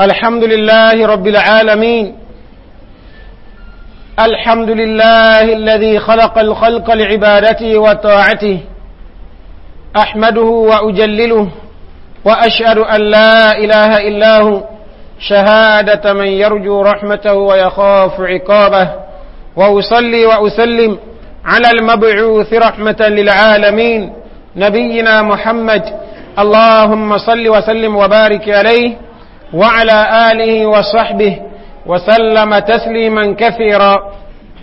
الحمد لله رب العالمين الحمد لله الذي خلق الخلق لعبادته وطاعته أحمده وأجلله وأشهد أن لا إله إلا هو شهادة من يرجو رحمته ويخاف عقابه وأصلي وأسلم على المبعوث رحمة للعالمين نبينا محمد اللهم صل وسلم وبارك عليه وعلى آله وصحبه وسلم تسليما كثيرا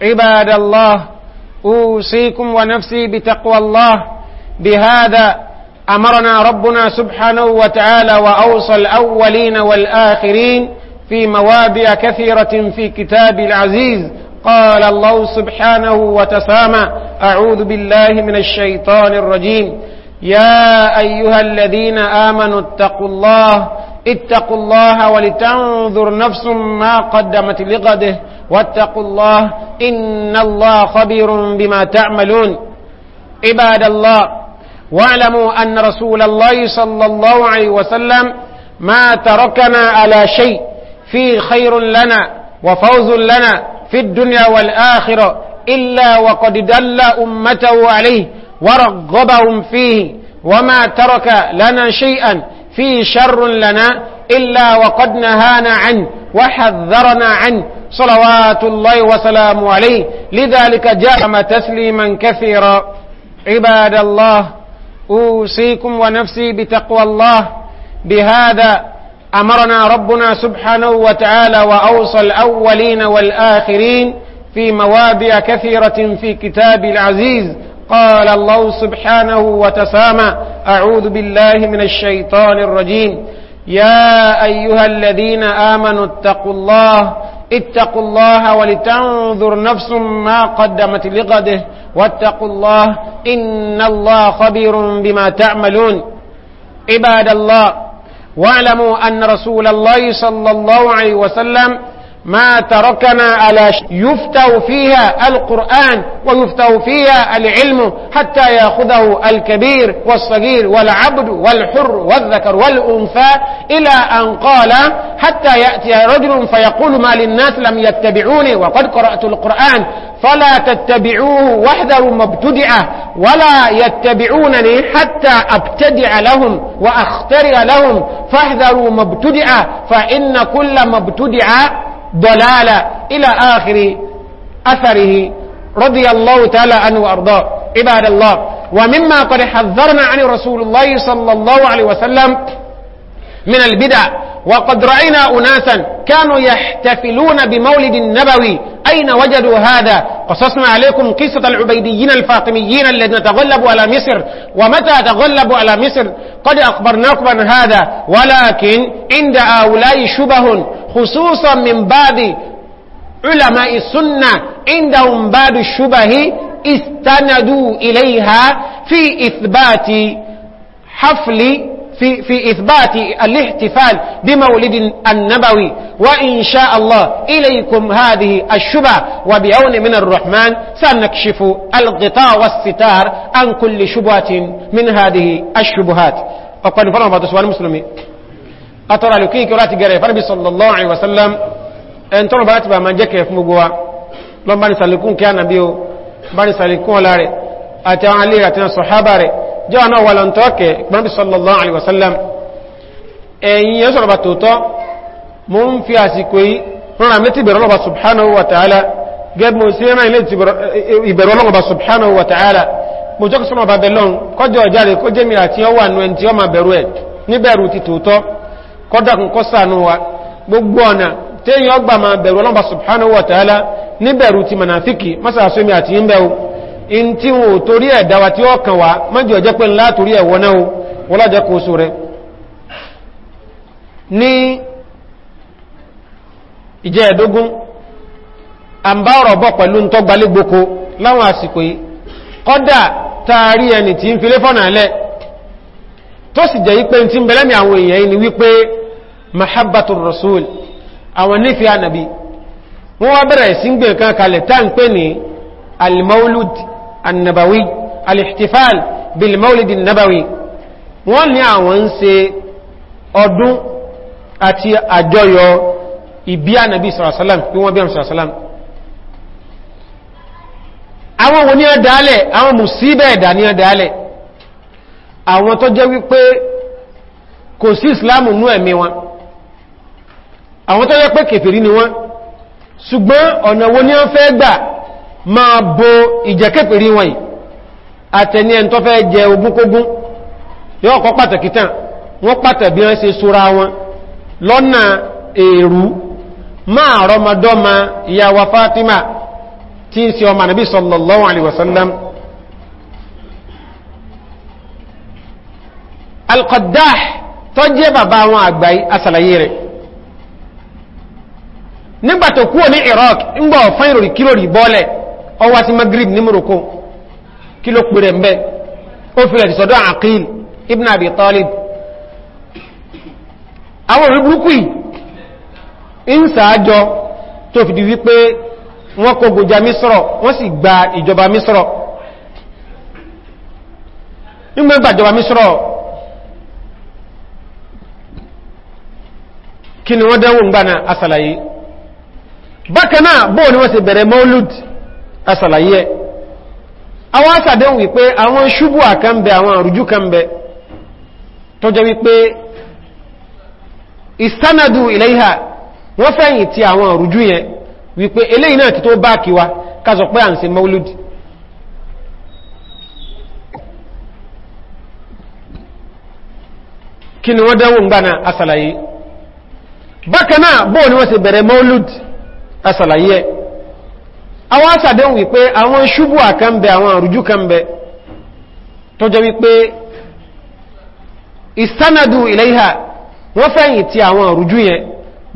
عباد الله أوصيكم ونفسي بتقوى الله بهذا أمرنا ربنا سبحانه وتعالى وأوصى الأولين والآخرين في مواضع كثيرة في كتاب العزيز قال الله سبحانه وتسامى أعوذ بالله من الشيطان الرجيم يا أيها الذين آمنوا اتقوا الله اتقوا الله ولتنظر نفس ما قدمت لغده واتقوا الله إن الله خبير بما تعملون عباد الله واعلموا أن رسول الله صلى الله عليه وسلم ما تركنا على شيء فيه خير لنا وفوز لنا في الدنيا والآخرة إلا وقد دل أمته عليه ورغبهم فيه وما ترك لنا شيئا فيه شر لنا إلا وقد نهانا عنه وحذرنا عنه صلوات الله وسلامه عليه لذلك جاء تسليما كثيرا عباد الله أوصيكم ونفسي بتقوى الله بهذا أمرنا ربنا سبحانه وتعالى وأوصى الأولين والآخرين في مواضع كثيرة في كتاب العزيز قال الله سبحانه وتسامى أعوذ بالله من الشيطان الرجيم يا أيها الذين آمنوا اتقوا الله اتقوا الله ولتنظر نفس ما قدمت لغده واتقوا الله إن الله خبير بما تعملون عباد الله واعلموا أن رسول الله صلى الله عليه وسلم ما تركنا على يفتو فيها القرآن ويفتو فيها العلم حتى يأخذه الكبير والصغير والعبد والحر والذكر والأنثى إلى أن قال حتى يأتي رجل فيقول ما للناس لم يتبعوني وقد قرأت القرآن فلا تتبعوه واحذروا ما ابتدع ولا يتبعونني حتى أبتدع لهم وأخترع لهم فاحذروا ما ابتدع فإن كل ما ابتدع ضلالة إلى آخر أثره رضي الله تعالى عنه وأرضاه عباد الله ومما قد حذرنا عن رسول الله صلى الله عليه وسلم من البدع وقد رأينا أناسا كانوا يحتفلون بمولد النبوي أين وجدوا هذا قصصنا عليكم قصة العبيديين الفاطميين الذين تغلبوا على مصر ومتى تغلبوا على مصر قد أخبرناكم عن هذا ولكن عند هؤلاء شبه خصوصا من بعض علماء السنة عندهم بعض الشبه استندوا إليها في إثبات حفل في, في إثبات الاحتفال بمولد النبوي وإن شاء الله إليكم هذه الشبه وبعون من الرحمن سنكشف الغطاء والستار عن كل شبهة من هذه الشبهات أقول فرما بعض السؤال المسلمين أترى لكي كرات قرية فربي صلى الله عليه وسلم أن ترى بأتبع من جكي في مقوى لما نسألكم كان بيو بني سالكون لاري أتعالي أتنا صحابة jẹ́ ọ̀nà wà lọ́n tọ́ọ̀kẹ́ gbọ́nbí sallallahu alaihi wasallam ẹ̀yìn yẹn sọ̀rọ̀ bà tòótọ́ mo ń fi àsìkò yìí rọrọ̀ àmì ti bẹ̀rọ lọ́ba subhanahu wa ta'ala gẹ́gẹ́ mo sí rán ilé ìbẹ̀rọ lọ́ba subhanahu wa ta'ala mo jọ́ sọ́nà ọba bẹ̀lọ́n kọjọ ọ̀járe kó jẹ́mi àti ọwà nù ẹni tí ọ máa bẹ̀rù ẹ̀ níbẹ̀rù ti tòótọ́ ọgbà máa bẹ̀rù lọ́ba subhanahu wa ta'ala níbẹ̀rù ti mànàfíkì mọ́sàásómi àti yínbẹ̀rù in tí wọ́n torí ẹ̀dáwà tí ó kàn wá mọ́jọ jẹ́ pé ńlá torí ẹ̀wọ́ náà wọ́n lájẹ́ kó so rẹ̀ ní ìjẹ́ ẹ̀dógún a ń bá ọ̀rọ̀ bọ̀ pẹ̀lú tọ́gbalégboko láwọn àsìkò yìí kọ́dà taari ẹni tí ń fi léfọ́nà alẹ́ tó sì jẹ́ wípé tí ń bẹ̀lẹ́mì àwọn èèyàn ni wípé mahabbatul rasul àwọn nífẹ̀ẹ́ ànàbí wọ́n wá bẹ̀rẹ̀ sí ń gbé nǹkan kalẹ̀ tá ń pè ní almaulud annabawi alihtifal bil maulidi nabawi wọ́n ní àwọn ń ṣe ọdún àti àjọyọ̀ ìbí ànàbí sàrásálàm bí wọ́n bí àmì sàrásálàm àwọn wo ní ẹ̀dálẹ̀ àwọn mùsíbẹ̀ ẹ̀dà ní ẹ̀dálẹ̀ àwọn tó jẹ́ wípé kò sí ìsìláàmù nú ẹ̀mí wọn àwọn tó jẹ́ pé kèfèrí ni wọ́n ṣùgbọ́n ọ̀nà wo ní wọ́n fẹ́ ma bo ìjẹ́kẹ́pẹ̀rí wọn yìí àtẹni ẹni tó fẹ́ jẹ ogúnkógún yóò kọ́ pàtàkì tán wọ́n pàtàkì wọ́n ṣe sóra wọn lọ́nà èrú máa Fatima tí ń ṣe ọmọ nàbí sallallahu ali wasallam al ní Iraq ń gbọ́ fún ìròrí kílòrì bọ́ọ̀lẹ̀ ọwá ti magrib ní morocco kí ló pèrè mbẹ́ ó fi ẹ̀sì sọ́dọ̀ àkíl ibn abi talib àwọn orí burúkú ń sàájọ tó fìdí wípé wọ́n kó gòjá mísọ́rọ̀ wọ́n sì gba ìjọba mísọ́rọ̀ nígbà ìgbàjọba mísọ́rọ̀ kí ni wọ́n dẹ́wò gbà náà asàlàyé bákanáà bóò ni wọ́n sì bẹ̀rẹ̀ maulud asàlàyé ẹ̀ àwọn asàdéhùn wípé àwọn ṣubú àkànbẹ̀ àwọn àrùjú kànbẹ̀ tó jẹ́ wípé ìsánàdù iléhà wọ́n fẹ́yìn ti àwọn àrùjú yẹn wípé eléyìí náà ti tó bá kíwa kásọ̀ pé à ń ṣe mauludi kí ni wọ́n dánwò ń gbà náà asàlàyé bákanáà bóò ni wọ́n sì bẹ̀rẹ̀ maulud asàlàyé ẹ̀ àwọn àṣàdéhùn wípé àwọn ṣubú àkànbẹ̀ àwọn àrùjú kànbẹ̀ tó jẹ́ wípé ìsánàdù iléhà wọ́n fẹ́yìn tí àwọn àrùjú yẹn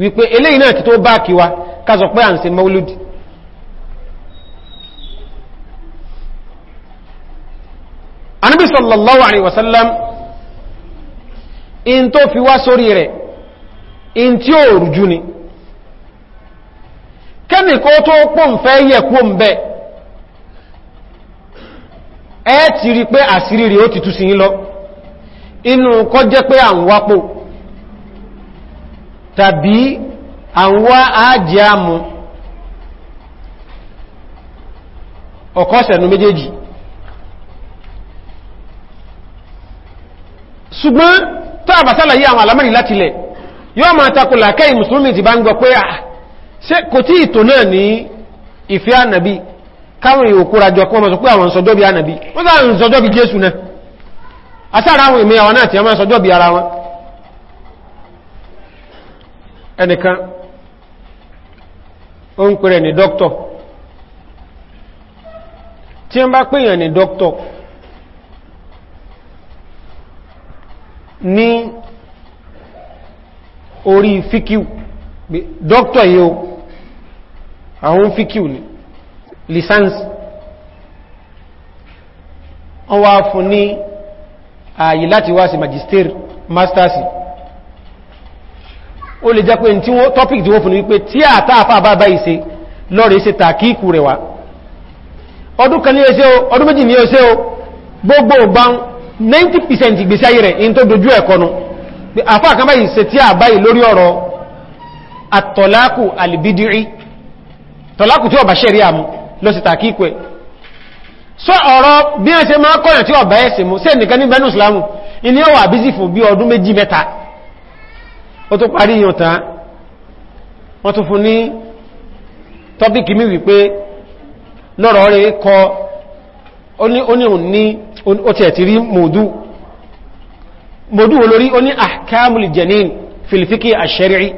wípé eléyìn náà ti tó bá kíwa kásọ̀ pé à ń ṣe mauludi in tó fi wá sórí rẹ̀ in tí ó rùjú ni kẹ́mì kó tó pọ̀ ń fẹ́ yẹ kó ń bẹ ẹ ti rí pé àṣírí rí ó ti tú sí yín lọ inú kọ́ jẹ́ pé à ń wápò tàbí à ń wá ájẹ́ àmú ọ̀kọ́sẹ̀nú méjèèjì ṣùgbọ́n tó àbásálàyé àwọn alamẹ́rin látilẹ̀ yóò máa takò làkẹ́ ìmùsùlùmí ti bá ń gbọ́ pé à ah, ṣe kò tí ìtò náà ní ìfẹ́ ànàbí káwọn ìhòkú rajọ kọ́ mọ̀sọ̀ pé àwọn sọjọ́ bí ànàbí wọ́n sáà ń sọjọ́ bí jésù náà asára àwọn ìmẹ́ àwọn náà tí a máa sọjọ́ bí ara wọn ẹnìkan ó ń pèrè ní dọ́kítọ̀ tí a bá pèèyàn ní dọ́kítọ̀ ní orí fíkíù dọ́kítọ̀ yìí àwọn fíkíù ní lisansi wọ́n wá fún ní ààyè láti wá sí magister masters ó lè jẹ́ pé tí wọ́n topic tí wọ́n fún ní wípé tí àtàfà bá bá ìse lọ́rẹ̀ ìse tàkíkù rẹ̀ wá ọdún kan ní ẹsẹ́ o ọdún méjì ní ẹsẹ́ o gbogbo ọgbọ́n 90% ìgbésí ayé rẹ̀ in tó dojú ẹ̀kọ́nu àfáà kan báyìí se tí àbáyìí lórí ọ̀rọ̀ àtọ̀lákù àlìbídìí tọ́lákù tí ọba ṣẹ̀rí àmú lọ sí tàkíkwẹ́ sọ ọ̀rọ̀ bí wọ́n ṣe máa kọ́yàn tí ọba ẹ̀sìn mú sí ẹnìkan ní bẹ́nu islamu ilé ọwà bízì fún bí ọdún méjì mẹ́ta ó tó parí yàn tán wọ́n tún fún ní tọ́bíkì mi wípé lọ́rọ̀ rẹ̀ kọ oníhùn ní janin filifiki àṣẹ́rí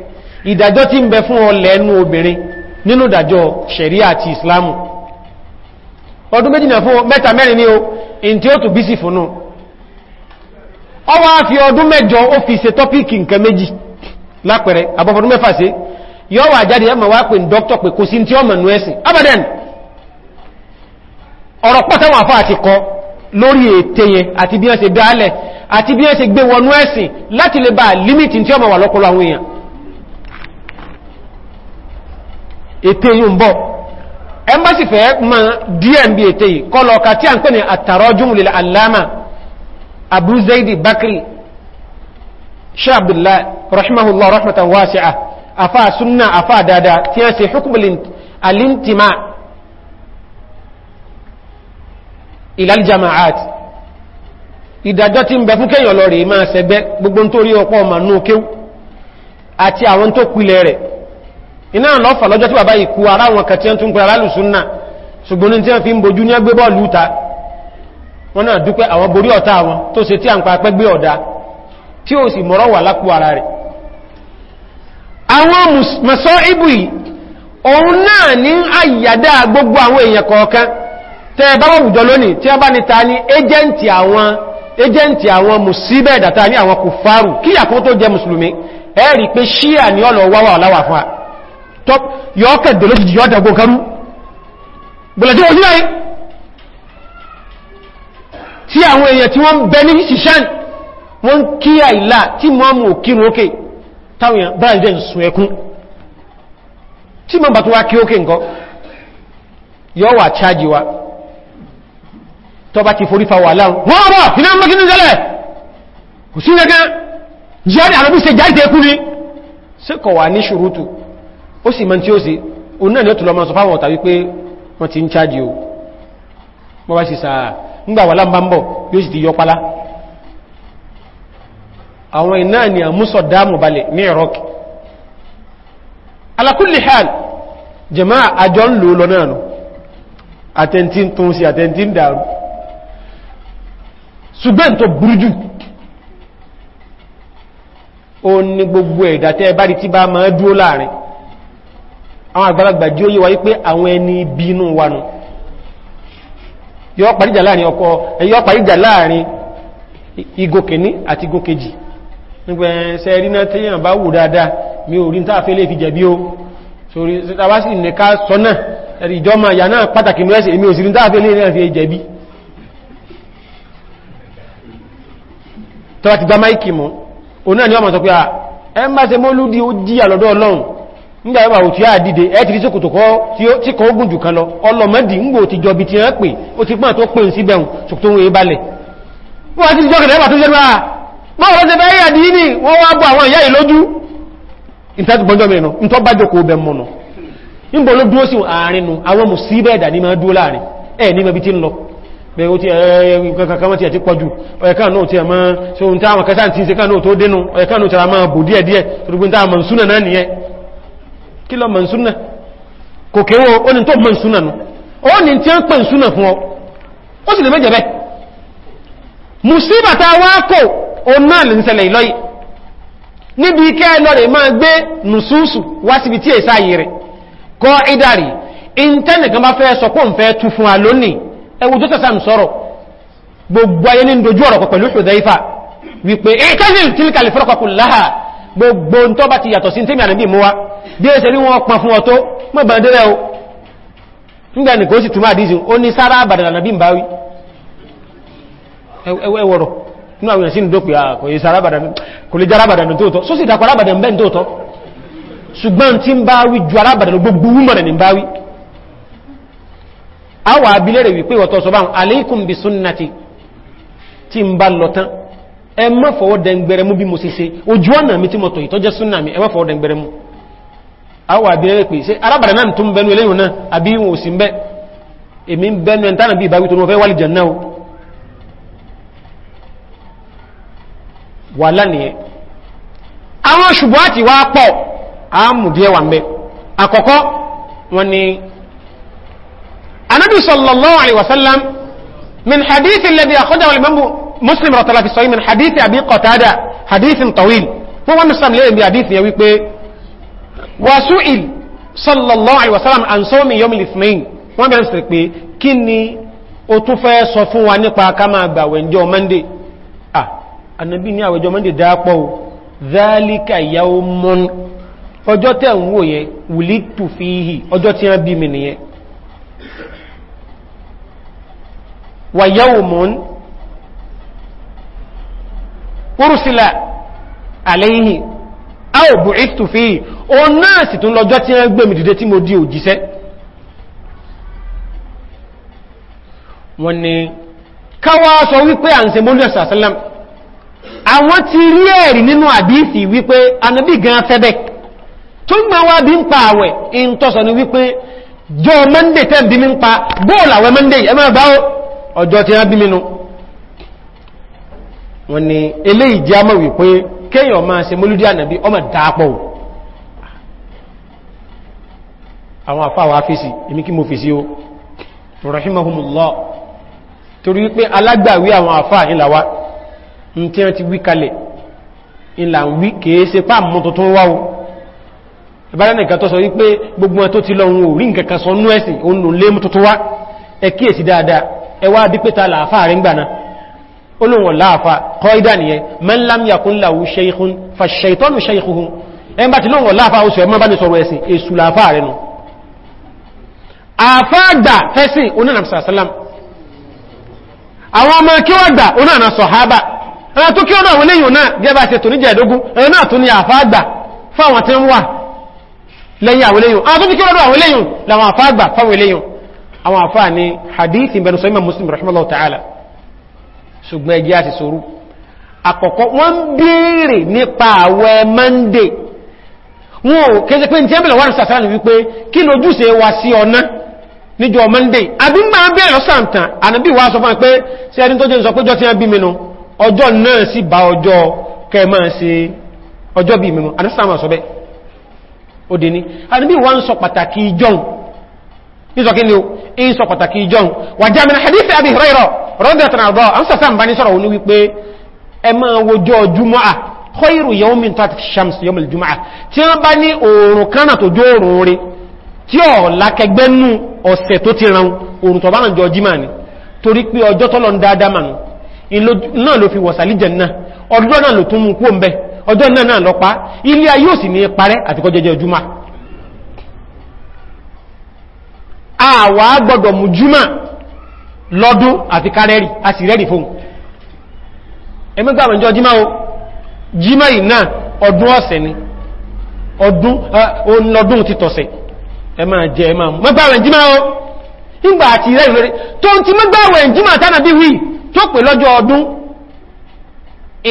ìdájọ́ tí ń bẹ fún ọ lẹ́nu obìnrin nínú ìdàjọ́ ṣẹ̀rí àti islamu ọdún méjìlá fún mẹ́ta mẹ́rin ní o in tí ó tù bí sí fún náà ọwọ́ a fi ọdún mẹ́jọ ó fi ṣe tọ́píkì nǹkan méjì lápẹẹrẹ abọ́fọdún mẹ́fà sí yọ́ wà jáde ẹmọ̀ wá pè dọ́kítọ̀ pé kò sí tí ọmọ nù ẹ̀sìn abadan ọ̀rọ̀ pọ́tàwọn àfá àti kọ ètè yìí ń bọ̀ ẹmbásì fẹ́ ma dmb ètè yìí kọ́ lọ́ọ̀ka tí a ń pè ní àtàrọ́jùn lè aláàmà abu zaidi bakri sheikh abdullahi rahimahullah rahmatan wasi'a afa sunna afa dada tí a ṣe hukumulin alintima ilal jama'at ìdájọ́ tí ń bẹ fún kéèyàn lọ rèé máa ṣẹgbẹ́ gbogbo nítorí ọ̀pọ̀ ọmọ nù kéw àti àwọn tó pilẹ̀ rẹ̀ iná lọ́fà lọ́jọ́ tí bàbá ìkú ara wọn kàtí ẹn tún pẹ̀lú alùsúnnà ṣùgbọ́n tí wọ́n fi ń bojú ní ẹgbẹ́ bọ́ọ̀lù ta wọ́n náà dúpẹ́ àwọn borí ọ̀tá wọn tó ṣe tí a ń pa pẹ́ gbé ọ̀dá tí ó sì mọ̀rọ̀ wà ara rẹ̀ àwọn mọ̀sọ́ ibù yìí òun náà ní àyàdá gbogbo ta pé ṣíà wáwà top yóò kẹ̀dẹ̀ lóṣìí yóò dàgbò karú bọ̀lẹ̀jẹ́ ojú láyé tí àwọn èèyàn tí wọ́n bẹ ní ṣìṣán wọ́n kí àìlà tí mọ́mù òkírù ókè táwọn èèyàn báyìí jẹ́ ìsùn ẹkún tí mọ́ bàtúwá kí wa tó bá fa wà láhùn wọ́n bọ̀ iná mọ́ kí ní jẹ́lẹ̀ kò se jáìtẹ́kú ni sí ó sì mọ́ tí ó sì òun náà ni ó tún lọ mọ́ sọ fáwọn ọ̀tà wípé wọ́n ti ń chájì o wọ́n bá sì sàá ńgbà wà lámbà ń bọ̀ yóò sì ti yọ pálá àwọn iná ni a músọ̀ dáàmù balẹ̀ ní Iraq hal jama'a àjọ ń lò lọ náà nù ń sí dàrú tó o ní gbogbo ẹ̀dà tẹ́ bá rí tí bá máa dúó àwọn àgbàlagbà jí ó yíwa wípé àwọn ẹni bínú wanu yọ́ paríjà láàrin ọkọ̀ ẹ̀yọ́ paríjà láàrin igokèní àti igokèjì nígbẹ̀ ẹ̀ṣẹ́ rí náà tí yàn bá wù dáadáa mi ò rí ní tààfẹ́ lè fi jẹ̀bi ó sórí tàbá sí nìka sọ́nà ẹ̀rì ìjọmọ̀ ìyà náà pàtàkì mẹ́sẹ̀ èmi ò sí ni wọ́n mọ̀ sọ pé ẹ má ṣe mọ́lúdí ó jíyà lọ́dọ̀ ọlọ́run ńgbà ẹwà òtí àdìdè ẹ́tìrí sí kòtòkọ́ tí kò gùn jù kan lọ ọlọ́mọ́dì ń gbò ti jọbi tí wọ́n pè ó ti pọ́n tó pè ń síbẹ̀ ohun ṣùgbọ́n wọ́n balẹ̀ wọ́n ti jọ́ kẹ̀lẹ́bà tó jẹ́rọ àwọn ọ̀sẹ̀ bẹ́ẹ̀ yà dìí ní wọ́n wá bọ́ nta ìyá ìlójú ìtàgbọ́njọ́ mẹ́rin tí ń ti tí ẹ̀ ti pọ̀jù ọ̀ẹ̀kan náà tí ẹ̀ máa ṣe ohun àwọn kẹta a máa bò díẹ̀díẹ̀ tó àmà ń súnà kí lọ mọ̀súnà kò kéwọ́ ó ní tó mọ̀súnà nù ó ní tí ó ń pè súnà fún ọ ó sì lè mẹ́jẹ̀ bẹ́ musíbàtà wákò ó náà lè ń ṣẹlẹ̀ ìlọ́yì níbi ikẹ́ lọ rẹ̀ máa gbé nùsúsù wá síbi tí èsà yìí rẹ̀ kọ́ ìdàrí ìntẹ́nì kan bá fẹ́ gbogbo ń tọ́ bá ti yàtọ̀ sí tí mẹ́rin bí mú wá bí ẹsẹ̀ rí wọn pọn fún ọ̀tọ́ mọ́bàndẹ́rẹ́ o nígbà nìkan ó sì túnmà àdíjìn ó ní sára àbàdàn ànàbí ń bá wí ẹwọ́rọ̀ ní àwọn ìrìnsí ìdókù kò lè járábàdàn tóòtọ́ só sì dàkọ̀ rábàdàn bẹ́ tóòtọ́ ṣùgbọ́n tí ń bá wí ju arábàdàn gbogbo wúmọ̀rẹ̀ ní bá bi sunnati tí ẹ má fọwọ́ dẹ̀ngbẹ̀rẹ̀ mú bí mo ṣe ṣe ojú ọ̀nà mi tí mo tò ìtọ́jẹ́ súnà mi ẹ má fọwọ́ dẹ̀ngbẹ̀rẹ̀ mú àwọn àbílẹ̀ pè ṣe arábàrà náà tó ń bẹnu eléyìn náà àbí wọn ò sí min hadith alladhi akhrajahu al muslim rọ̀tọ̀lá fi sọ́yí min hadithi àbí kọ̀tádà hadithin tawil wọ́n wọ́n muslim lẹ́yìn bí hadithi yẹ wípé wasu'il sallallahu alaihi wasallam an sawmi yawmil ithnain wọ́n bẹ̀rẹ̀ sí pé kí ni o tún fẹ́ sọ fún wa nípa ká máa gbà wẹ̀njọ́ monday ah anabi ní àwẹ̀jọ́ monday dápọ̀ o zálíkà orúsílẹ̀ àlẹ́yìn a ò bù ìtù fi o náà sì tún lọ́jọ́ tí wọ́n gbé mi dìde tí mo di òjíṣẹ́ wọ́n ni káwà sọ wípé à ń se mọ́lú ẹ̀sà sálẹ́m àwọn ti rí ẹ̀rí nínú àdíìsì wípé anábì gan fẹ́bẹ̀ tó gbà wá bí ń pa àwẹ̀ in tọ́sọ ni wípé jọ mọ́ndé tẹ́ bí mi ń pa bóòlù àwẹ̀ mọ́ndé ẹ̀mọ́ ọjọ́ tí wọ́n bí mi nù wọ́n ni ilé ìjámọ̀ wípé kéèyàn máa ṣe mólúdí ànàbí ọmọ dáapọ̀ àwọn àfáwà fèsì èmi kí mo fèsì o rahimahumullah torí wípé alágbàwí àwọn àfáà ìlàwà ní tí wọ́n ti wí kalẹ̀ ìlà ń wí kèé se pá mọ́ tuntun wá o ìbára nìkan tó sọ wípé gbogbo ẹ tó ti olóhùn láàfà kọ́ ìdániyẹ mẹ́lámiyàkún láwú ṣeikún fàṣẹ̀tọ́nù ṣeikúhun ẹn bá ti lóhùn láàfà oṣù ẹmọ́ bá ní sọ̀rọ̀ ẹ̀sìn èṣù láàfà rẹ̀ nù àfáàgbà fẹ́sìn onínàmsàsálàm àwọn ọmọ kí wọ́n gbà onínà sọ̀hábà ẹ̀nà tó kí wọ́n náà wọlé yìí náà gẹ́bà ṣe tó ní jẹ́ẹ̀dógún ẹ̀nà náà tó ní àfáàgbà fáwọn tí ń ṣùgbọ́n ẹjẹ́ àti sorú àkọ́kọ́ wọ́n ń bèèrè nípa àwẹ̀ monday wọn ò kéèsẹ̀ pé jẹ́ mẹ́lẹ̀ wọ́n sàtàrà ní wípé kí lójúṣe wa sí ọ̀nà níjọ monday àbí máa bèèrè lọ́sàntàn ànàbí wa sọ fún pé sí ẹni tó jẹ́ sọ péjọ tí wọ́n bí mẹ́nu ọjọ́ náà sì ó dé pàtàkì ìjọ́un ní sọ kí ni ó ń sọ pàtàkì ìjọ́un wà rọ́dẹ̀tànàbọ̀ amsasán bá ní sọ́rọ̀ wọn wípé ẹ ma wojọ́ jùmọ́à kọ́ìrù yọ́mìn tàbí shams yọ́mìn jùmọ́à tí wọ́n bá ní oòrùn kánà tó jó oòrùn rí tí ọ̀ lákẹgbẹ́nú ọ̀sẹ̀ tó ti ran oòrùn tọ́bá náà jọ jímà ní torí pé ọjọ́ tọ́lọ ń dáadáa mà náà ló fi wọ̀sàlì jẹ̀nà ọdún náà ló tún mú kú òǹbẹ ọjọ́ náà náà lọ pa ilé ayé ò sì ní parẹ́ àtikọ́ jẹjẹ jùmọ́ àwa gbọ́dọ̀ mú jùmọ́ lọ́dún àti kárẹ́rì a sì rẹ́rì fún ẹgbẹ́gbàmọ̀jọ́ jímá o jímá yìí náà ọdún ọ̀sẹ̀ ni ọdún ti tọ̀sẹ̀ ẹ máa jẹ ẹ máa mú o ìgbà àti rẹ́rì lórí tó ti mẹ́gbàwẹ̀ jímá tánà bí wí tó pè lọ́jọ́ ọdún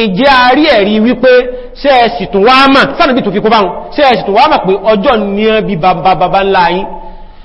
ìjẹ́ àárí ẹ̀rí wípé ṣe ẹ̀sì tó wá mà sánàbí tó fi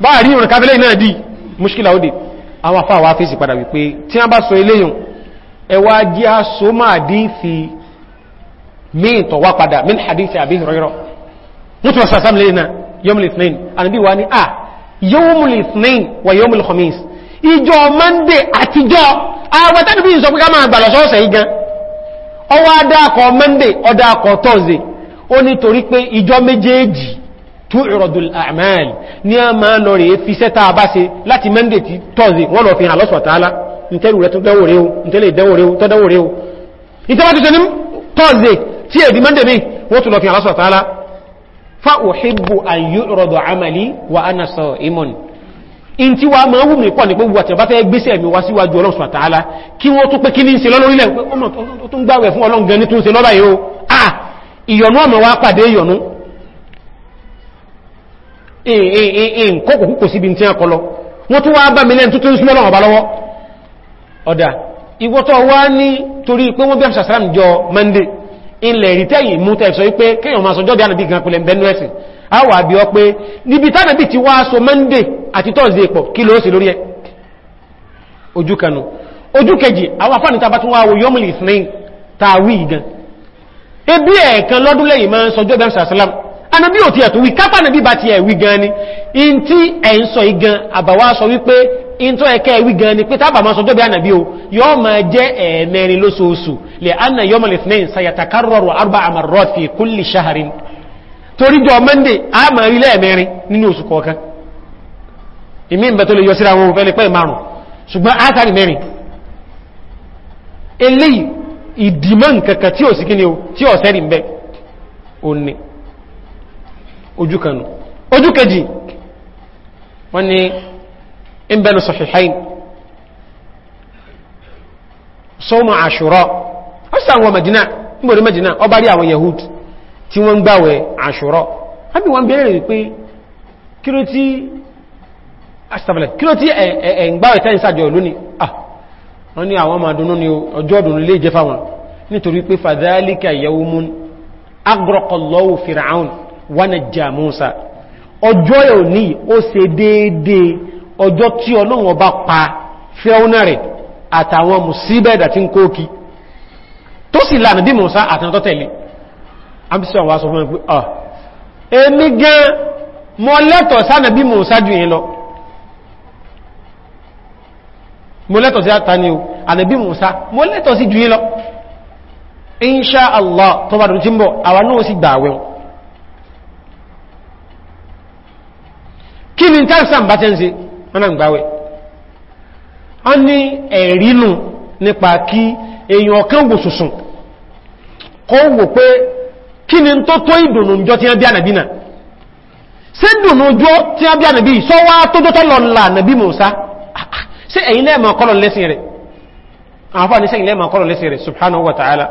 bá rí ìrìn káfílẹ̀ náà dì múṣkílà ó dì àwọn afá wa fèsì padà wípé tí wọ́n bá sọ eléyìn ẹwà jí a so máa dín fi míì tọ̀ padà min hadithi àbí ìrọ̀rọ̀ mú tí wọ́n sàsám lè náà yọmùl ìtìnìn àníbí wa ní à yọmùl ìtìnìn wà yọmùl khamis ìjọ mọ́ndé àtijọ́ àwọn tẹ́lifí sọ pé ká máa gbà lọ́sọ́ọ̀sẹ̀ yìí gan ọwọ́ adákọ̀ mọ́ndé ọdákọ̀ tọ́ọ̀zẹ̀ ó nítorí pé ìjọ méjèèjì tó ìrọ̀dùl àmàlì ní a máa lọ rèé fi sẹ́ta bá se láti mẹ́ndé tí tọ́zí wọ́n lọ fi hàn lọ́sọ̀tàálá nítẹ́lù rẹ̀ tó dẹ́wò rẹ̀ o nítẹ́lẹ̀ ìdẹ́wò rẹ̀ o tó dẹ́wò rẹ̀ o ìtẹ́bà tó tẹ́lẹ̀ tọ́zí tí èdè mẹ́ndé mi wọ́n tó lọ fi hàn lọ́sọ̀tàálá fa òhìbò àyú ìrọ̀dọ̀ àmàlì wa ana sọ imon in ti wa máa wù mí pọ̀ Eh, eh, eh, kókò kúkò síbi tí a kọlọ wọ́n tó wá bá mi lẹ́n tó tó ń súnmọ́ lọ́wọ́ bá lọ́wọ́ ọ̀dá ìwọ́tọ̀ wá ní torí pé wọ́n bí i sàsàrán jọ mẹ́ndé ilẹ̀ ìrìtẹ́yìn mú tẹ́ sọ wípé kéèyàn máa sọjọ́ bí ànàbí gan pẹ̀lẹ̀ bẹ́nu ẹ̀sìn a wà bí ọ pé níbi tánàbí ti wá sọ mẹ́ndé àti tọ́ọ̀sì pọ̀ kí ló sì lórí ẹ ojú kanu ojú kejì àwọn afáàní tàbá tún wá wo yọmùlì ìsìn tàwí gan ebi ẹ̀ẹ̀kan lọ́dún lẹ́yìn máa sọjọ́ bí i sàsàrán anábí ò ti ẹ̀tù wí kápá nàbí bá ti ẹ̀wí gan ni in tí ẹ̀ ń sọ igan àbàwá sọ wípé in tó ẹ̀kẹ́ ẹ̀wí gan ni pé tábà máa sọjọ́ bí anábí o yọ́ ma jẹ́ ẹ̀ẹ̀mẹ́rin lóṣooṣù lè anna yọ́ malifnain sayatakarọrọ arba amarot fi shaharin torí jọ monday a ma rí lẹ́ẹ̀mẹ́rin nínú oṣù kọ̀ọ̀kan ìmí ìbẹ̀ tó lè yọ síra wọn fẹ́lẹ̀ pẹ́ márùn ṣùgbọ́n a tàrí tí ò sí kí ni o tí ò sẹ́rì ń bẹ́ òní ojú kanu ojú kejì wọ́n ni in bẹ̀rẹ̀ sahihain sọ́mọ̀ àṣùrọ̀ ọ́sà àwọn Madina nígbòrí Madina ọba rí àwọn Yahud tí wọ́n gbáwẹ̀ àṣùrọ̀ ábí wọ́n bẹ̀rẹ̀ pé kí ló tí astagfirullah kí ló tí ẹ̀ ń gbáwẹ̀ tẹ́ ìsàjọ lónìí ah wánàjá Musa ọjọ́ ẹ̀ ní ó ṣe déédé ọjọ́ tí ọlọ́run ọba pa fẹ́ọ́nà rẹ̀ àtàwọn musibẹ̀dà tí ń kó kí tó sì lànà bí Musa àtàntọ́ tẹ̀lé ambisan wa sọ fún ẹgbẹ́ ọ̀ ah, èmi gan mọ́ tó bá dùn tí ń bọ̀ àwọn náà sì gbà àwẹ̀wọ̀n kí ni tẹ́sàn bá tẹ́ ń se ọ́nà ìgbàwẹ̀ ọ ní ẹ̀rínú nípa kí èyàn ọ̀kan wò sùsùn kọ́ wò pé kí ni tó tó ìdùnnù jọ tí a bí ànàbí náà sí dùnnù jọ tí a bí ànàbí sọ́wọ́ tó tó tọ́lọ ńlá ànàbí sí ẹ̀yin lẹ́ẹ̀mà kọ́lọ̀ lẹ́sìn rẹ̀ wa ta'ala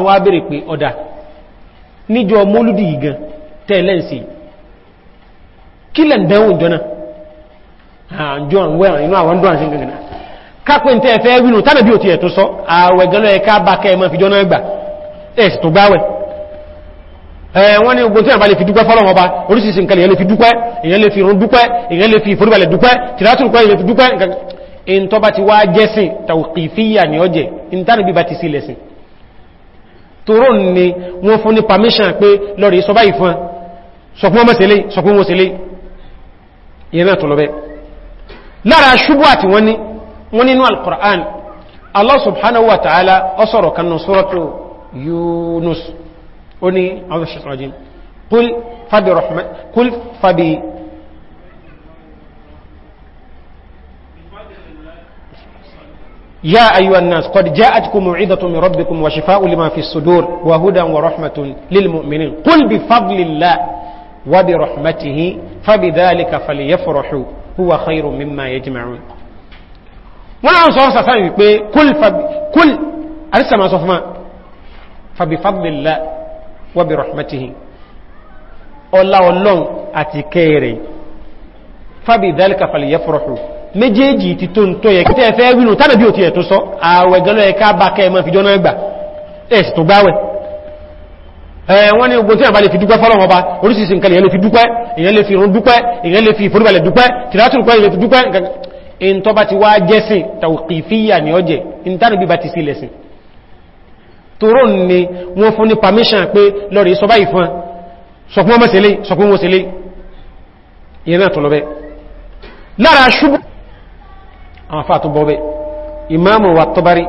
ààrí níjọ mólúdì ìgan tẹ́lẹ̀ sí kí lẹ̀ ń dẹ́wò ìjọ náà àjọ àwọn inú àwọn dọ́nà sí gẹ̀gẹ̀ náà kápẹ́ tẹ́ fẹ́ wínú tánàbí ò ti ẹ̀ tó sọ ààwẹ̀ gan lọ́ẹ̀ ká bá kẹ́ẹ̀mọ́ fi jọ́nà gbà ẹ̀sì tó gbáwẹ̀ wọ́n ní ogun tí àbálẹ̀ fi dúpẹ́ fọ́lọ́wọ́ bá orísìsì nǹkan èyàn lè fi dúpẹ́ èyàn lè fi ti wá jẹ́sìn tàwùkì fíyà ní ọjẹ́ in bá ti sí lẹ́sìn tòrò ní wọ́n fún ní permission pé lọ́rí sọba ìfún sọpún ọmọ sílé sọpún wọ́n sílé ìrìnà tó lọ́bẹ̀ lára ṣubú àti wọ́n ní wọ́n nínú al-Qur'an Allah subhanahu wa ta'ala ọsọ̀rọ̀ kannu suratu Yunus ó ní يا أيها الناس قد جاءتكم موعظة من ربكم وشفاء لما في الصدور وهدى ورحمة للمؤمنين قل بفضل الله وبرحمته فبذلك فليفرحوا هو خير مما يجمعون وانا náà sọ́rọ̀ sàtàn wípé kúl àrísàmà sọ fún ma fàbífàbílá الله rahmatihi ọlá ọlọ́n àti méjèèjì ti tó ń tó yẹ kí tẹ́ fẹ́ wínú tàbí bí ò ti ẹ̀ tó sọ ààwẹ̀ gẹ́lọ́ ẹ̀ká bá kẹ́ ẹmọ́ fìjọ́ náà gbà ẹ̀sì tó gbáwẹ̀ wọ́n ní ogun tí àbá lè fi dúpẹ́ fọ́lọ́wọ́ bá orísìsì nǹkan èyàn lè fi dúpẹ́ èyàn lè fi ìrun dúpẹ́ èyàn lè fi ni permission pé lọ́rẹ̀ sọ bá ìfọn sọkún wọ́n mọ́sílé sọkún wọ́n sílé ìyẹn náà ṣubú àwọn fàtú bọ́bẹ̀ imaamu wa tọ́bari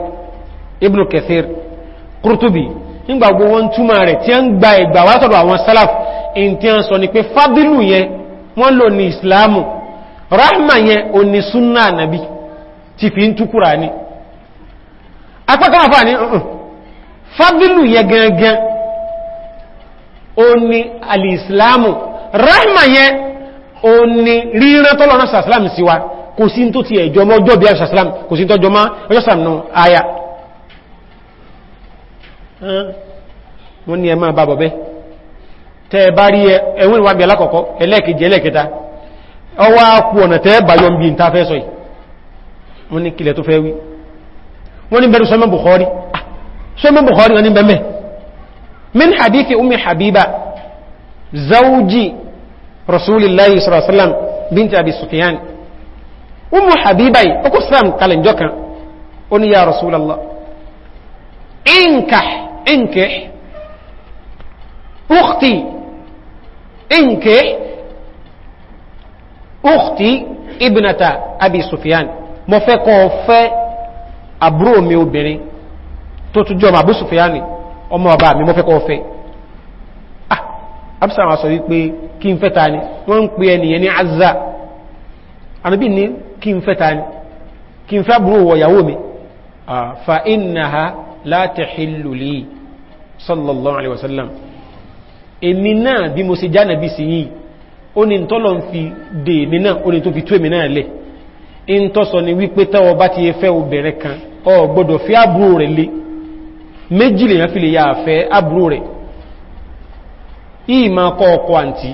ibn kathir kurtubi nígbà gbogbo wọn túmọ̀ rẹ̀ tí a ń gba ìgbà wá sọ̀rọ̀ àwọn salaf in tí a ń sọ ni pé fadilu yẹn wọ́n lò ní islamu rahma yẹn o ní sunna nabi ti fi ń túkúra ní apákan ní ọ̀hún uh-uh. fadilu yẹn gangan o ní alìsìláàmù rahma yẹn o ní ríran tọ́lọ́nà sàsìláàmù sí wa kò sí tó ti ẹ̀jọ mọ́ jọ́bí àṣàṣàlám kò sí tọ́jọ mọ́ ọjọ́sàmù àyà wọ́n ní ẹmọ́ bá bọ̀bẹ́ tẹ́ bá rí ẹwọ́n ìwàbí alákọ̀ọ́kọ́ ẹlẹ́ẹ̀kejì ẹlẹ́ẹ̀kẹta ọwọ́ àpò ọ̀nà tẹ́ báyọ bí n tafẹ́ sọ wọ́n ní kílẹ̀ tó fẹ́ wí umu habibai ọkọ̀ islam kalẹ̀ njọ́ kan ó ní ya rasulallah inkah inkih ukhti inkih ukhti ibnata abi sufyan mo fẹ́ kọ́ fẹ́ àbúrò mi obìnrin tó tún jọ ọmọ abu sufyan ọmọ ọba mi mo fẹ́ kọ́ fẹ́ ah sọ wípé kí n fẹ́ ta ni wọ́n ń pè ẹniyẹn ní azza anabi ni kí n fẹ́ ta ni kí n fẹ́ búrò wọ ìyàwó mi fa iná ha láti hìlùlì sallallahu alaihi wasallam èmi náà bí mo se jánà bí sí yìí ó ní tọ́lọ̀ ń fi dè èmi náà ó ní tó fi tó èmi náà lẹ̀ in tọ́ sọ ni wípé tẹ́wọ bá ti fẹ́ obìnrin kan ọ gbọ́dọ̀ fi àbúrò rẹ̀ lé méjì lèyàn fi lè ya àfẹ́ àbúrò rẹ̀ yìí kọ́ ọkọ̀ àǹtí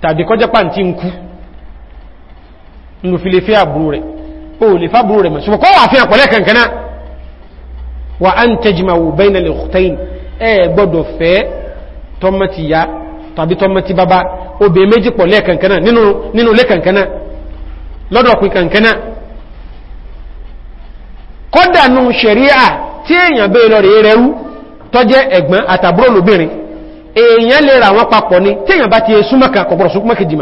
tàbí kọjá pàǹtí ń kú ló fi lè fẹ́ àbúrú rẹ̀ o lè fẹ́ àbúrú rẹ̀ mọ̀ kọ́ wà fi àpọ̀lẹ́ kankaná wà á ń tẹ́jìmà wò bẹ́ẹ̀ nílẹ̀ ọ̀tẹ́yìn ẹ gbọ́dọ̀ fẹ́ tọ́mọtì ya tàbí tọ́mọtì bàbá obìnrin méjì pọ̀ lẹ́ẹ̀kankaná nínú lẹ́ẹ̀kankaná lọ́dọ̀ pin kankaná kọ́dà nù ṣẹ̀ríà tí èèyàn bẹ́ẹ̀ lọ rèé rẹrú tọ́jẹ́ ẹ̀gbọ́n àtàbúrò lóbìnrin èèyàn lè ra wọn papọ̀ ni tí èèyàn bá ti súnmọ́ kan kọ̀pọ̀rọ̀ súnmọ́ kejì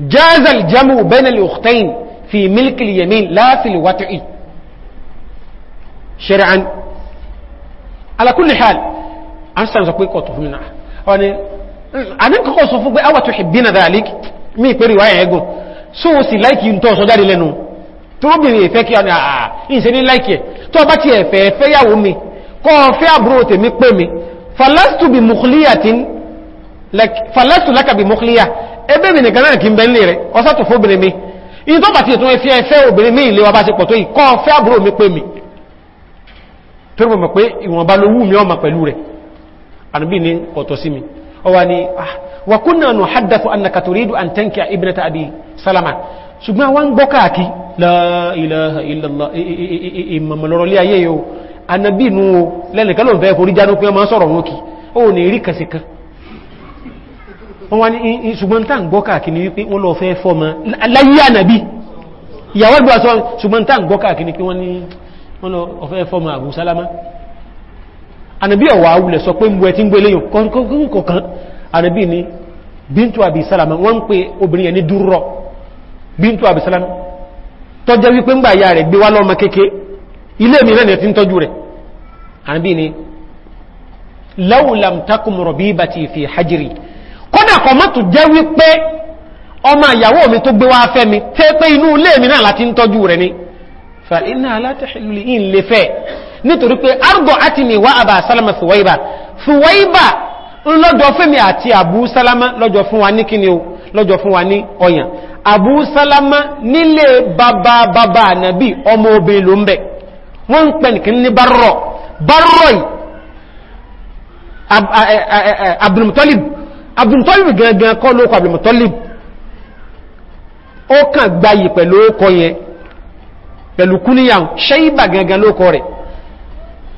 جاز الجمع بين الأختين في ملك اليمين لا في الوتع شرعا على كل حال أنسان زكوي كوتو فمنا أنا أنا كوتو فوق أو تحبين ذلك مي بري واي يقول سو سي لايك ينتو سوداري لنو tóbìnrin ìfẹ́ kí أنا àà ìṣẹ́ ní láìkẹ́ tó bá ti ẹ̀fẹ́ ẹ̀fẹ́ مي بي مي ọ̀fẹ́ àbúrò tèmi pé mi falastu lákàbí mọ́kílíà ẹgbẹ́ mi nìkan náà kí n bẹ nílé rẹ̀ ọsátò fóbìnrin mi in tó bàtí ìtún ẹfẹ́ ẹfẹ́ obìnrin mi ilé wa bá ṣe pọ̀ tó yìí ọfẹ́ àbúrò mi pé mi tó rí mọ̀ pé ìwọ̀nba ló wù mí ọmọ pẹ̀lú rẹ̀ ànúbí ni ọ̀tọ̀ sí mi ọwà ni ah, wa salama ṣùgbọ́n wọ́n la ilaha illallah ìmọ̀mọ̀lọ́rọ̀ lé ayé yóò anabi nù lẹ́nìkan ló ń fẹ́ forí jánú pé ọmọ sọ̀rọ̀ wọ́n wá ní ṣùgbọ́n tàn gbọ́ káàkiri wípé wọ́n lọ fẹ́ fọ́mọ láyé ànàbí ìyàwó ìgbà sọ ṣùgbọ́n tàn gbọ́ káàkiri pé wọ́n lọ fẹ́ fọ́mọ àbú sálámá ànàbí ọ̀wà awulẹ̀ sọ pé mbú ẹ ti ń gbé léyìn kọ̀ọ̀kan ànàbí ni bíntù àbí sálámá wọ́n ń pe obìnrin yẹn ní dúró bíntù àbí sálámá tọ́jẹ́ wípé ń gbà ya rẹ̀ gbé wá fi hajjiri kọ́nà kọmọ́tù jẹ́ wípé ọmọ ìyàwó mi tó gbé wá fẹ́ mi tẹ́ pé inú ilé mi náà láti ń tọ́jú rẹ̀ ni fa iná látẹ̀lú in lè fẹ́ nítorí pé argo àti mi wá àbà sálámà fúwáìbà fúwáìbà lọ́jọ́ fún mi àti àbú sálámà lọ́jọ́ fún wa ní kíni o abdùntọ́lìbì gangan kọ́ lóòkọ̀ abdùntọ́lìbì ó kàn gbayì pẹ̀lú ókọ yẹn pẹ̀lú kúníyàn ṣẹ́yìnbà gangan lóòkọ rẹ̀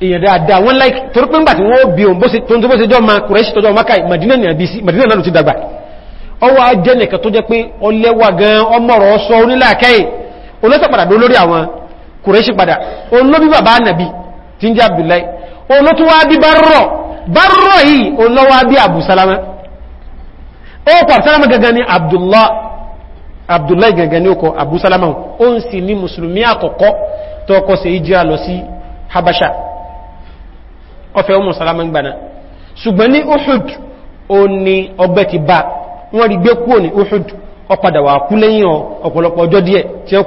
èyàn dáadáa wọ́n láì torí pé ńgbà tí wọ́n bí ohun tó bó ṣe jọ ma kùrẹ́ṣì tọjọ́ makai, madina ní àbísí madina náà ti dàgbà ọwọ́ ajẹ́ nìkan tó jẹ́ pé ọlẹ́wà gan ọmọrọ̀ ọsọ onílàkẹ́yì olóṣèpadà dó lórí àwọn kùrẹ́ṣì padà olóbí bàbá nàbí tí ń jẹ́ abdullahi olótúwá bí bá rọ̀ bá rọ̀ yìí olówá bí àbùsálámá ó kọ̀ sálámà gangan ni abdullahi gangan ni ó kọ abu sálámà ó ń sì ní musulmi àkọ́kọ́ tó kọ́ sí ìjírà lọ sí habasha ọfẹ́ ọmọ sálámà gbaná ṣùgbọ́n ní uhud ó ní ọgbẹ́ ti bá wọ́n rí gbé kúrò ní uhud ọpadà wà kú lẹ́yìn ọ̀pọ̀lọpọ̀ ọjọ́ díẹ̀ tí ó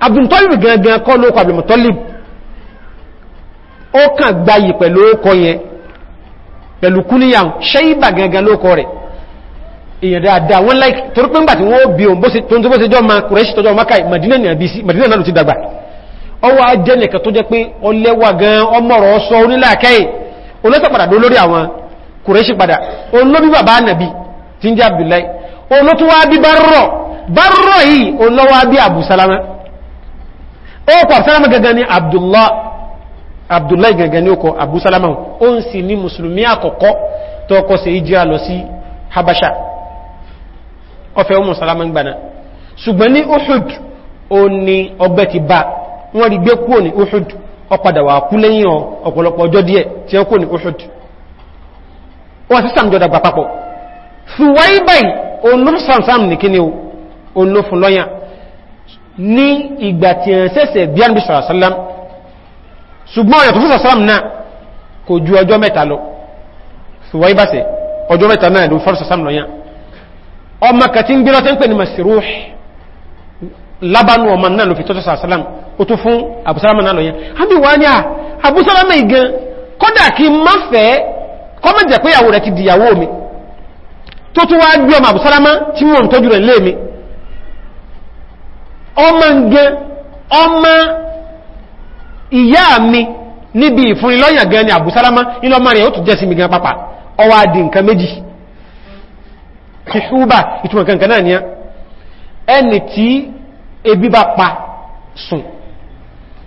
abdulmutallib gangan kọ́ lókọ abdulmutallib ó kàn gbayì pẹ̀lú ókọ yẹn pẹ̀lú kúníyàn ṣẹ́yìnbà gangan lókọ rẹ̀ èyàn dáadáa wọ́n láì torí pé ńgbà tí wọ́n bí òun tó ń tó bó ṣe jọ ma kùrẹ́ṣì tọjọ́ madina ní àbísí madina náà ló ti dàgbà ọwọ́ ajẹ́nìkan tó jẹ́ pé ọlẹ́wà gan ọmọrọ̀ ọsọ onílàkẹ́ olótọ̀padà dó lórí àwọn kùrẹ́ṣì padà olóbí bàbá nàbí tí ń jẹ́ abdullahi olótúwà bí bá rọ̀ ó kọ̀ sálámà gangan ni abdullahi gangan ni ó kọ abu sálámà ó ń sì ní musulmi àkọ́kọ́ tó kọ́ sí ìjírà lọ sí habasha ọfẹ́ ohun sálámà gbaná ṣùgbọ́n ní uhud ó ní ọgbẹ́ ti bá wọ́n rí gbé kúrò ní uhud ọpadà wà kú lẹ́yìn ọ̀pọ̀lọpọ̀ ọjọ́ díẹ̀ tí ó kúrò ní uhud wọ́n sí sàmjọ́dà gbà ní ìgbà tí ẹ̀ sẹ́sẹ̀ bí ánbí sàrásálám ṣùgbọ́n ọ̀yọ̀ tó fún sàrásálám náà kò ju ọjọ́ mẹ́ta lọ ṣùgbọ́n ibáṣẹ́ ọjọ́ mẹ́ta náà ló fọ́rọ̀ sàrásálám lọ́yán ọmọ kàtí ń gbérọ́ tẹ́ ń pè ní masiru lábánú ọmọ náà ló fi tọ́jọ́ sàrásálám ó tún fún pé ìyàwó rẹ̀ ti dìyàwó mi tó tún wá gbé ọmọ àbúsálámà tí wọ́n tọ́jú rẹ̀ lé mi ọmọ ń gẹ ọmọ ìyá mi níbi ìfúnnilọ́yàn gan ni àbúsálámá nínú ọmọ rẹ̀ ó tún jẹ́ sí mi gan pápá ọwá di nǹkan méjì ṣúgbà ìtumọ̀ kankan náà ni ẹni tí ebi bá pa sùn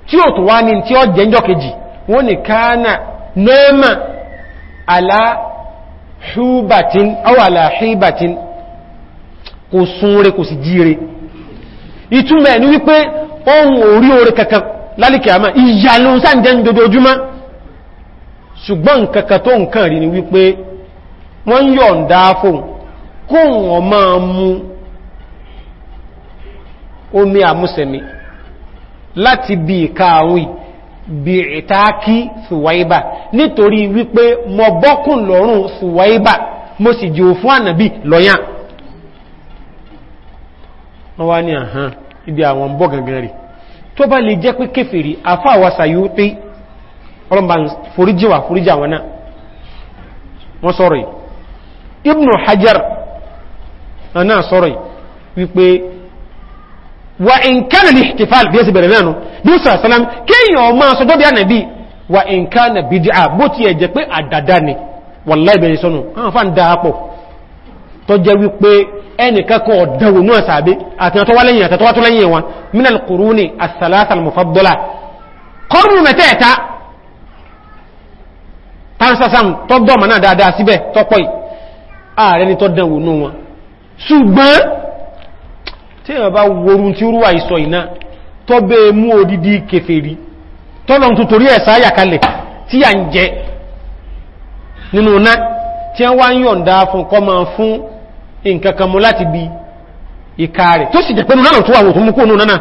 tí ó tó wá ní tí ó jẹ́njọ́ kejì wọ́n ni káánà náàmà aláhúbàtín awàláhíbàtín kò sún rẹ̀ kò ìtumẹ̀ ní wípé ohun orí orí kankan lálìkẹ̀ àmà ìyàlò sáàjẹ́ ń dodo ojúmá ṣùgbọ́n kankan tó nǹkan rí ni wípé wọ́n yọ̀ ń dáa fóun kó wọ́n máa mú omi àmúsẹ̀mí láti bí ìka àwìn bí ìtaákí ṣùwáíbà nítorí wípé mọ̀bọ́kùn lọ́rùn ṣùwáíbà mo sì jò fún ànàbí lọ́yàn wọ́n wá ní àhán ibi àwọn bọ́ gangan rẹ̀ tó bá lè jẹ́ pé kéfèrè àfá àwàsà yóò pé ọlọ́mbà foríjíwà foríjí àwọn náà wọ́n sọ́rọ̀ ibn hajjar náà sọ́rọ̀ wípé wà ǹkan ní ìtìfàl bí ẹ sì bẹ̀rẹ̀ náà bí ó sàrásánám kéèyàn ọmọ sọjọ́ bí ànàbí wà ǹkan na bìdí à bó ti ẹ̀jẹ̀ pé àdàdà ni wàlá ìbẹ̀rẹ̀ sọ́nù àwọn fà ń dáapọ̀ tó jẹ́ wípé ẹnìkankọ ọ̀dẹ̀wò náà sàbí àtẹ̀tọ́wálẹ́yìn àtẹ̀tọ́wátọ́lẹ́yìn wọn minal kùrúnì àsàlátàl mọ̀fàbọ́lá kọrùn mẹ́tẹ̀ẹ̀ta tansasam tọ́dọ̀mà náà dáadáa síbẹ̀ tọ́pọ̀ ààrẹ ni tọ́dẹ̀wò náà wọn ṣùgbọ́n tí wọ́n bá worun tí rúwà ìsọ ìná tọ́bẹ̀ mú odidi kèfèrí tọ́lọ̀ tutorí ẹ̀sá àyàkalẹ̀ tí à nkankan mú láti bí ìka rẹ̀ tó sì jẹ́ pẹ̀lú náà tó wà tó mú kóònù náà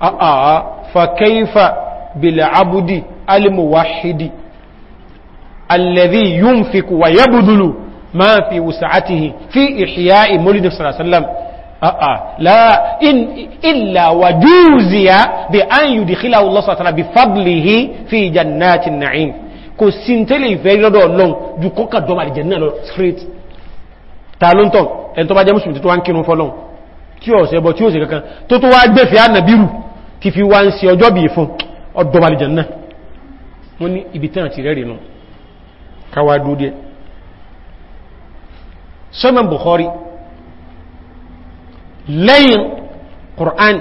àà fàkẹ́ifà bèèrè abúdí alimuwahidi alẹ́dí yún fi kùwà yábùdùlù máa fi wùsàátìhì fi ìṣìyà ìmọ́lìdì sàrásàlám àà ìlà wà júùzìyà bí án yù ta ló ń tọ̀ ẹni tó bá jẹ́ mùsùlùmí tó wá ń kírun fọ́lọ́n tí ó ṣe bọ́ tí ó ṣe kankan tó tó wá gbẹ̀fẹ́ ànàbírù ti fi wá ń se ọjọ́ bí fún ọdọ̀bàlìjẹ̀ náà bukhari lẹ́yìn ƙùrán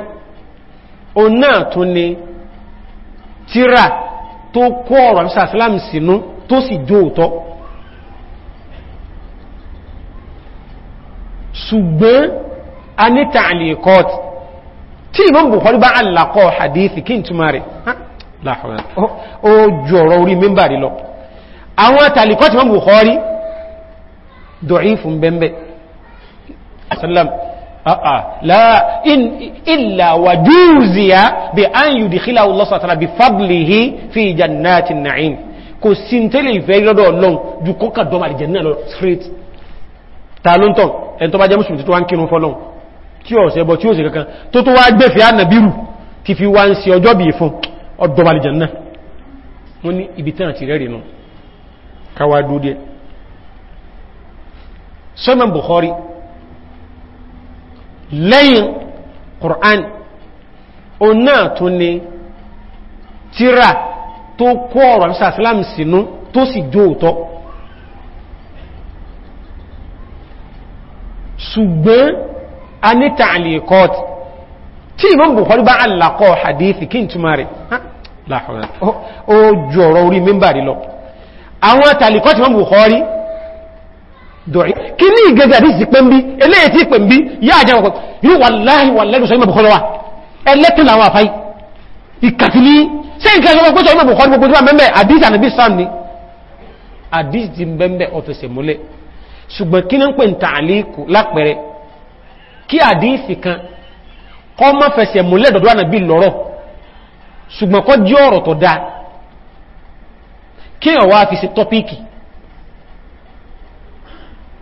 o náà tó ní tíra tó kọ́ ọ̀rọ̀ sàfilám sínú ṣùgbọ́n a ní tààlìkọ́t tí ìmọ̀ buhari bá alàkọ́ hadithi kí n túnmà rẹ̀ ó jù ọ̀rọ̀ orí mímbàrí lọ àwọn tààlìkọ́t ìmọ̀ buhari dọ̀rí fún bẹ́m̀bẹ̀ illa wa júùzìyà bí an yìí dìkílà ọlọ́sọ̀tara bí fàbìlìhì fi ìjànnáti na'im kò sí tẹ́lẹ̀ ìfẹ́ rọ́dọ̀ ọlọ́run jù kọ́kà ìjànnà lọ straight ta ló ń tọ̀ ẹn tó bá jẹ́ mùsùlùmí tó wá ń kírun fọ́lọ́un tí ó ṣẹbọ tí ó ṣe kankan tó tó wá gbẹ̀fẹ̀ ànàbírù ti fi wá ń ṣe ọjọ́ bí fún ọdọ̀bàlìjàn náà wọ́n ní ibi tán àti rẹ̀rẹ̀ náà káwà dúdé sọ́mọ̀ Bukhari lẹ́yìn Qur'an o náà ṣùgbọ́n a ní tààlìkọ́t tí Imam Bukhari bá alàkọ́ hadithi kí n túnmà rẹ̀ ó jù ọ̀rọ̀ orí mímbàrí lọ àwọn tààlìkọ́t Imam Bukhari dọ̀rí kí ní ìgẹ́gẹ́ àdísì pẹ́ mbí eléyìí tí pẹ́ mbí yá àjẹ́ ọkọ̀ yíò wallahi wallahi sọ Imam Bukhari wa ẹlẹ́tìn àwọn àfáì ìkàtìlí sí nǹkan ọmọ ṣùgbọ́n kí ní ń pè ń tààlíkù lápẹẹrẹ kí àdíìsì kan kọ́ mọ́ fẹsẹ̀ múlẹ̀ dọ̀dọ̀ ànàbí lọ́rọ̀ ṣùgbọ́n kọ́ jí ọ̀rọ̀ tó dáa kí ọ̀wá fi ṣe tọ́píìkì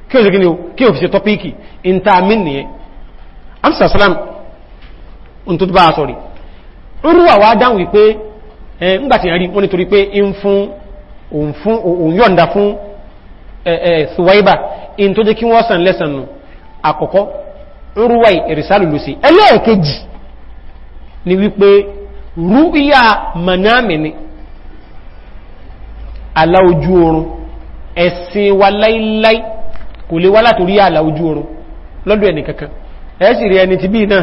kí o ṣe kí ni o kí o fi ṣe tọ́píìkì ìntàmín nìyẹn amsasalam n tó bá a sọ̀rì rúwà in tó jẹ́ kí wọ́n sàn lẹ́sàn nù àkọ́kọ́ ń rúwà ìrìsàlù ló sí ẹlẹ́ẹ̀kejì ni wípé rúíyà manami ni aláojú oorun ẹ̀sìn wa láíláí kò lè wá látòrí aláojú oorun lọ́dọ̀ ẹni kankan ẹ̀ẹ́sì rí ẹni ti bí náà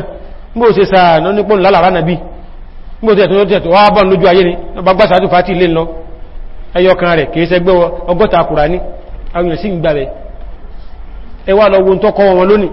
gbóò se sáà náà nípò lálàrá nàbí gbóò tẹ̀tọ̀ tẹ̀tọ̀ wá bọ́n lójú ayé ni ọba gbásàájú fàtí ilé lọ ẹyọkan rẹ̀ kìí sẹgbẹ́ ọgọ́ta kùrà àwọn èèyàn ń gbà rẹ̀ ẹwà lọ wo ń wọn lónìí